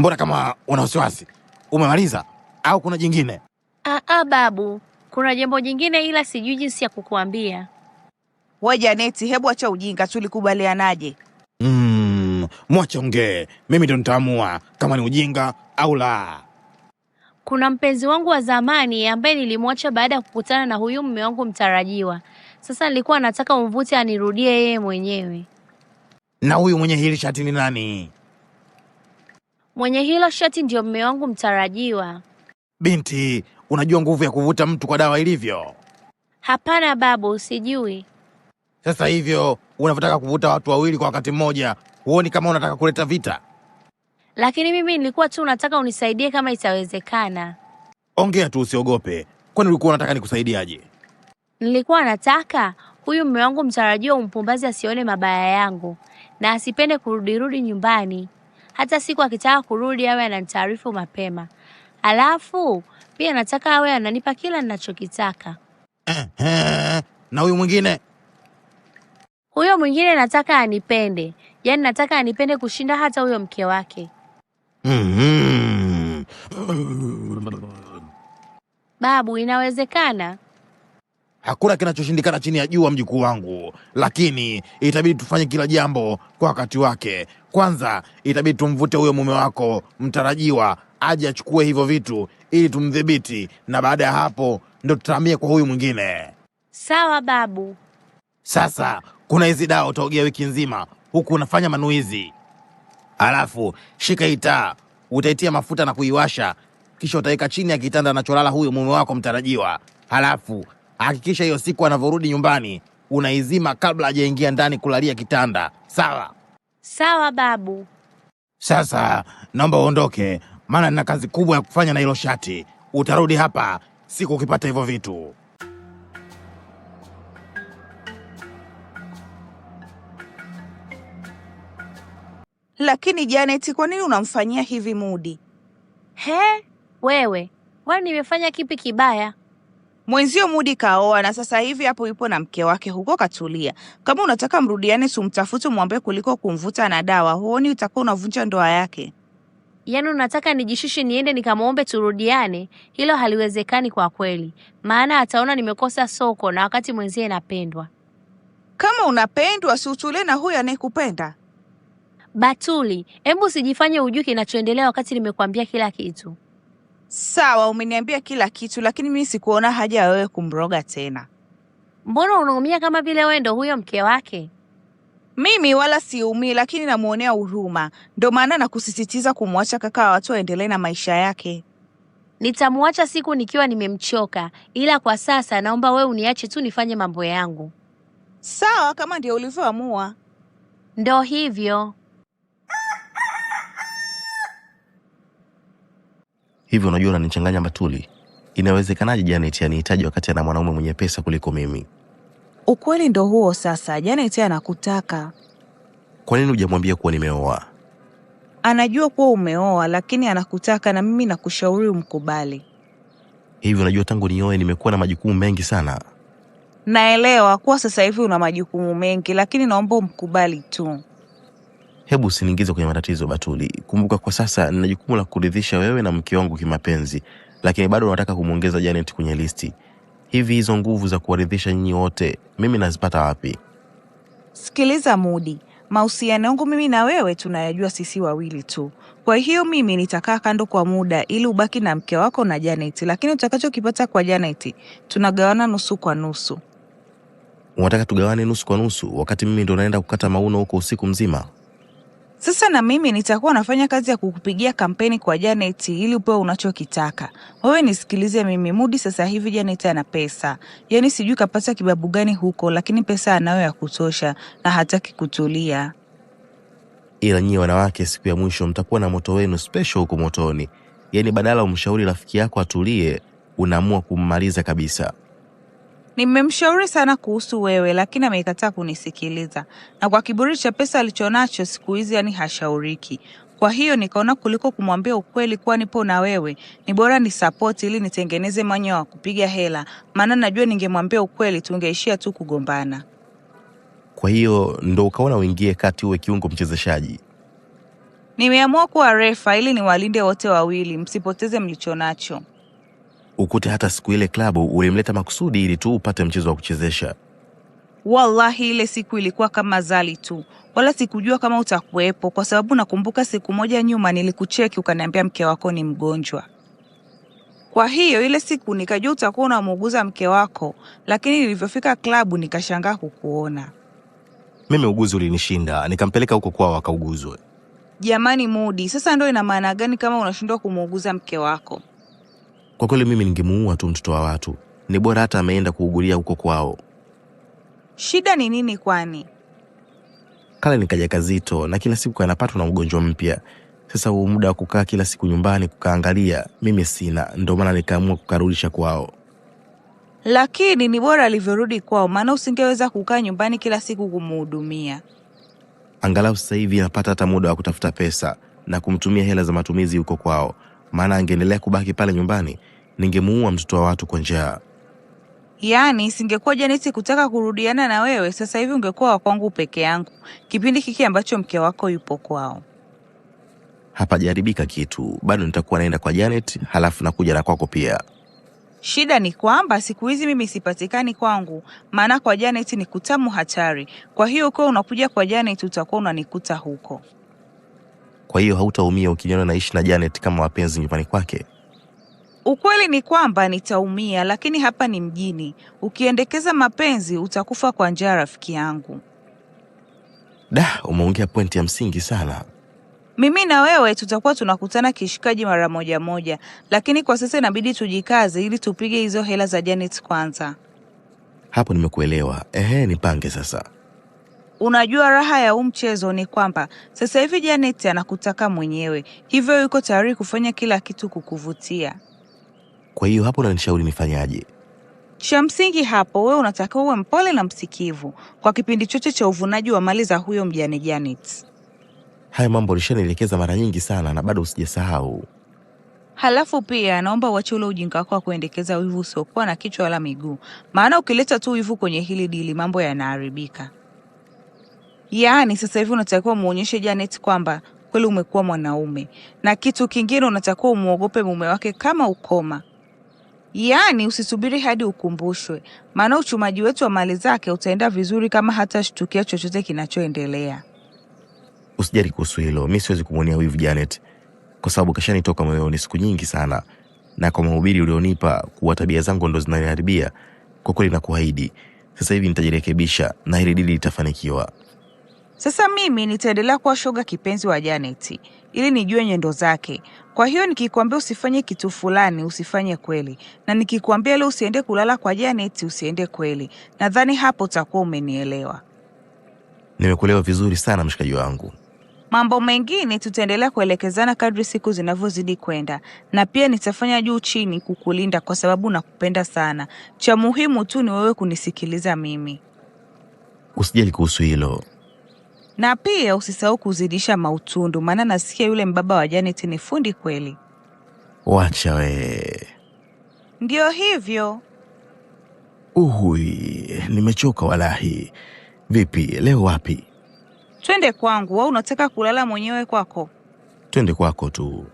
Mbona kama una wasiwasi? Umemaliza au kuna jingine? Ah, ah, babu, kuna jambo jingine ila sijui jinsi ya kukuambia. We Janeti, hebu acha ujinga, tulikubalianaje? Mm, ongee, mimi ndo nitaamua kama ni ujinga au la. Kuna mpenzi wangu wa zamani ambaye nilimwacha baada ya kukutana na huyu mume wangu mtarajiwa. Sasa nilikuwa nataka umvute anirudie yeye mwenyewe. Na huyu mwenye hili shati ni nani? Mwenye hilo shati ndio mme wangu mtarajiwa. Binti, unajua nguvu ya kuvuta mtu kwa dawa ilivyo? Hapana babu, sijui. Sasa hivyo unavyotaka kuvuta watu wawili kwa wakati mmoja, huoni kama unataka kuleta vita? Lakini mimi nilikuwa tu unataka unisaidie kama itawezekana. Ongea tu, usiogope. Kwani ulikuwa unataka nikusaidiaje? Nilikuwa nataka huyu mme wangu mtarajiwa umpumbazi asione mabaya yangu na asipende kurudirudi nyumbani hata siku akitaka kurudi awe ananitaarifu mapema, alafu pia nataka awe ananipa kila ninachokitaka. Na huyu mwingine, huyo mwingine nataka anipende, yaani nataka anipende kushinda hata huyo mke wake. Mhm. Babu, inawezekana? hakuna kinachoshindikana chini ya jua, mjukuu wangu, lakini itabidi tufanye kila jambo kwa wakati wake. Kwanza itabidi tumvute huyo mume wako mtarajiwa aje achukue hivyo vitu ili tumdhibiti, na baada ya hapo ndo tutahamia kwa huyu mwingine. Sawa babu. Sasa kuna hizi dawa utaogea wiki nzima huku unafanya manuizi, alafu shika hii taa, utaitia mafuta na kuiwasha, kisha utaweka chini ya kitanda anacholala huyo mume wako mtarajiwa, halafu hakikisha hiyo siku anavyorudi nyumbani unaizima kabla hajaingia ndani kulalia kitanda, sawa? Sawa babu. Sasa naomba uondoke, maana nina kazi kubwa ya kufanya na hilo shati. Utarudi hapa siku ukipata hivyo vitu. Lakini Janet, kwa nini unamfanyia hivi Mudi? He, wewe, kwani nimefanya kipi kibaya? Mwenzio Mudi kaoa na sasa hivi hapo yupo na mke wake huko katulia. Kama unataka mrudiane, sumtafute mwambie kuliko kumvuta na dawa. Huoni utakuwa unavunja ndoa yake? Yaani unataka nijishushe niende nikamwombe turudiane? Hilo haliwezekani kwa kweli, maana ataona nimekosa soko na wakati mwenzie napendwa. Kama unapendwa, si utulie na huyo anayekupenda. Batuli, hebu usijifanye hujui kinachoendelea wakati nimekwambia kila kitu. Sawa, umeniambia kila kitu, lakini mimi sikuona haja ya wewe kumroga tena. Mbona unaumia kama vile wewe ndo huyo mke wake? Mimi wala siumii, lakini namuonea huruma, ndo maana nakusisitiza kumwacha kaka wa watu aendelee na maisha yake. Nitamwacha siku nikiwa nimemchoka, ila kwa sasa naomba wewe uniache tu nifanye mambo yangu. Sawa, kama ndio ulivyoamua, ndo hivyo. hivyo unajua unanichanganya Batuli. Inawezekanaje Janet anihitaji wakati ana mwanaume mwenye pesa kuliko mimi? Ukweli ndo huo sasa, Janet anakutaka. Kwa nini hujamwambia kuwa nimeoa? Anajua kuwa umeoa, lakini anakutaka, na mimi nakushauri umkubali. Hivi unajua tangu nioe nimekuwa na majukumu mengi sana. Naelewa kuwa sasa hivi una majukumu mengi, lakini naomba umkubali tu hebu usiniingize kwenye matatizo Batuli. Kumbuka kwa sasa nina jukumu la kuridhisha wewe na mke wangu kimapenzi, lakini bado unataka kumwongeza Janet kwenye listi. Hivi hizo nguvu za kuwaridhisha nyinyi wote mimi nazipata wapi? Sikiliza Mudi, mahusiano yangu mimi na wewe tunayajua sisi wawili tu. Kwa hiyo mimi nitakaa kando kwa muda ili ubaki na mke wako na Janet, lakini utakachokipata kwa Janet tunagawana nusu kwa nusu. Unataka tugawane nusu kwa nusu, wakati mimi ndo naenda kukata mauno huko usiku mzima? Sasa na mimi nitakuwa nafanya kazi ya kukupigia kampeni kwa Janet ili upewe unachokitaka wewe. Nisikilize mimi, Mudi sasa hivi Janet ana pesa, yaani sijui kapata kibabu gani huko, lakini pesa anayo ya kutosha na hataki kutulia. Ila nyie wanawake, siku ya mwisho mtakuwa na moto wenu special huko motoni. Yaani badala umshauri rafiki yako atulie, unaamua kummaliza kabisa. Nimemshauri sana kuhusu wewe, lakini amekataa kunisikiliza, na kwa kiburi cha pesa alichonacho siku hizi, yani hashauriki. Kwa hiyo nikaona kuliko kumwambia ukweli kuwa nipo na wewe, ni bora ni support ili nitengeneze mwanya wa kupiga hela, maana najua ningemwambia ukweli tungeishia tu kugombana. Kwa hiyo ndo ukaona uingie kati, uwe kiungo mchezeshaji. Nimeamua kuwa refa ili niwalinde wote wawili, msipoteze mlichonacho ukute hata siku ile klabu ulimleta makusudi ili tu upate mchezo wa kuchezesha. Wallahi, ile siku ilikuwa kama zali tu, wala sikujua kama utakuwepo, kwa sababu nakumbuka siku moja nyuma nilikucheki ukaniambia mke wako ni mgonjwa. Kwa hiyo ile siku nikajua utakuwa unamuuguza mke wako, lakini nilivyofika klabu nikashangaa kukuona. Mimi uguzi ulinishinda, nikampeleka huko kwao akauguzwe. Jamani Mudi, sasa ndo ina maana gani kama unashindwa kumuuguza mke wako? Kwa kweli mimi ningemuua tu mtoto wa watu, ni bora hata ameenda kuugulia huko kwao. Shida ni nini kwani? Kale ni kaja kazito na kila siku kanapatwa na ugonjwa mpya. Sasa huu muda wa kukaa kila siku nyumbani kukaangalia mimi sina, ndio maana nikaamua kukarudisha kwao. Lakini ni bora alivyorudi kwao, maana usingeweza kukaa nyumbani kila siku kumuhudumia. Angalau sasa hivi anapata hata muda wa kutafuta pesa na kumtumia hela za matumizi huko kwao, maana angeendelea kubaki pale nyumbani, ningemuua mtoto wa watu kwa njaa. Yaani singekuwa Janeti kutaka kurudiana na wewe, sasa hivi ungekuwa wa kwangu peke yangu, kipindi kiki ambacho mke wako yupo kwao. Hapajaribika kitu bado, nitakuwa naenda kwa Janet halafu nakuja na kwako pia. Shida ni kwamba siku hizi mimi sipatikani kwangu, maana kwa Janet ni kutamu hatari. Kwa hiyo ukiwa unakuja kwa Janet utakuwa unanikuta huko. Kwa hiyo hautaumia ukiniona naishi na Janet kama wapenzi nyumbani kwake. Ukweli ni kwamba nitaumia, lakini hapa ni mjini. Ukiendekeza mapenzi utakufa kwa njaa, rafiki yangu. Da, umeongea pointi ya msingi sana. Mimi na wewe tutakuwa tunakutana kishikaji mara moja moja, lakini kwa sasa inabidi tujikaze ili tupige hizo hela za Janet kwanza. Hapo nimekuelewa. Ehe, nipange sasa. Unajua raha ya huu mchezo ni kwamba sasa hivi Janet anakutaka mwenyewe, hivyo yuko tayari kufanya kila kitu kukuvutia. Kwa hiyo hapo unanishauri nifanyaje? Cha msingi hapo, wewe unatakiwa uwe mpole na msikivu kwa kipindi chote cha uvunaji wa mali za huyo mjane Janet. Haya mambo ulishanielekeza mara nyingi sana na bado usijasahau. Halafu pia naomba uache ule ujinga wako wa kuendekeza wivu usiokuwa na kichwa wala miguu, maana ukileta tu wivu kwenye hili dili mambo yanaharibika. Yaani sasa hivi unatakiwa muonyeshe Janet kwamba kweli umekuwa mwanaume, na kitu kingine unatakiwa umwogope mume wake kama ukoma. Yaani usisubiri hadi ukumbushwe, maana uchumaji wetu wa mali zake utaenda vizuri kama hatashtukia chochote kinachoendelea. Usijali kuhusu hilo, mi siwezi kumwonea wivu Janet kwa sababu kashanitoka moyoni siku nyingi sana, na kwa mahubiri ulionipa kuwa tabia zangu ndo zinaniharibia, kwa kweli nakuahidi sasa hivi nitajirekebisha na hili dili litafanikiwa. Sasa mimi nitaendelea kuwa shoga kipenzi wa Janet ili nijue nyendo zake. Kwa hiyo nikikwambia usifanye kitu fulani usifanye kweli, na nikikwambia leo usiende kulala kwa Janet usiende kweli. Nadhani hapo utakuwa umenielewa. Nimekuelewa vizuri sana mshikaji wangu. Mambo mengine tutaendelea kuelekezana kadri siku zinavyozidi kwenda, na pia nitafanya juu chini kukulinda kwa sababu nakupenda sana. Cha muhimu tu ni wewe kunisikiliza mimi. Usijali kuhusu hilo na pia usisahau kuzidisha mautundu, maana nasikia yule mbaba wa Janet ni fundi kweli. Wacha wee, ndio hivyo. Uhui, nimechoka walahi. Vipi leo, wapi? Twende kwangu au unataka kulala mwenyewe kwako? Twende kwako tu.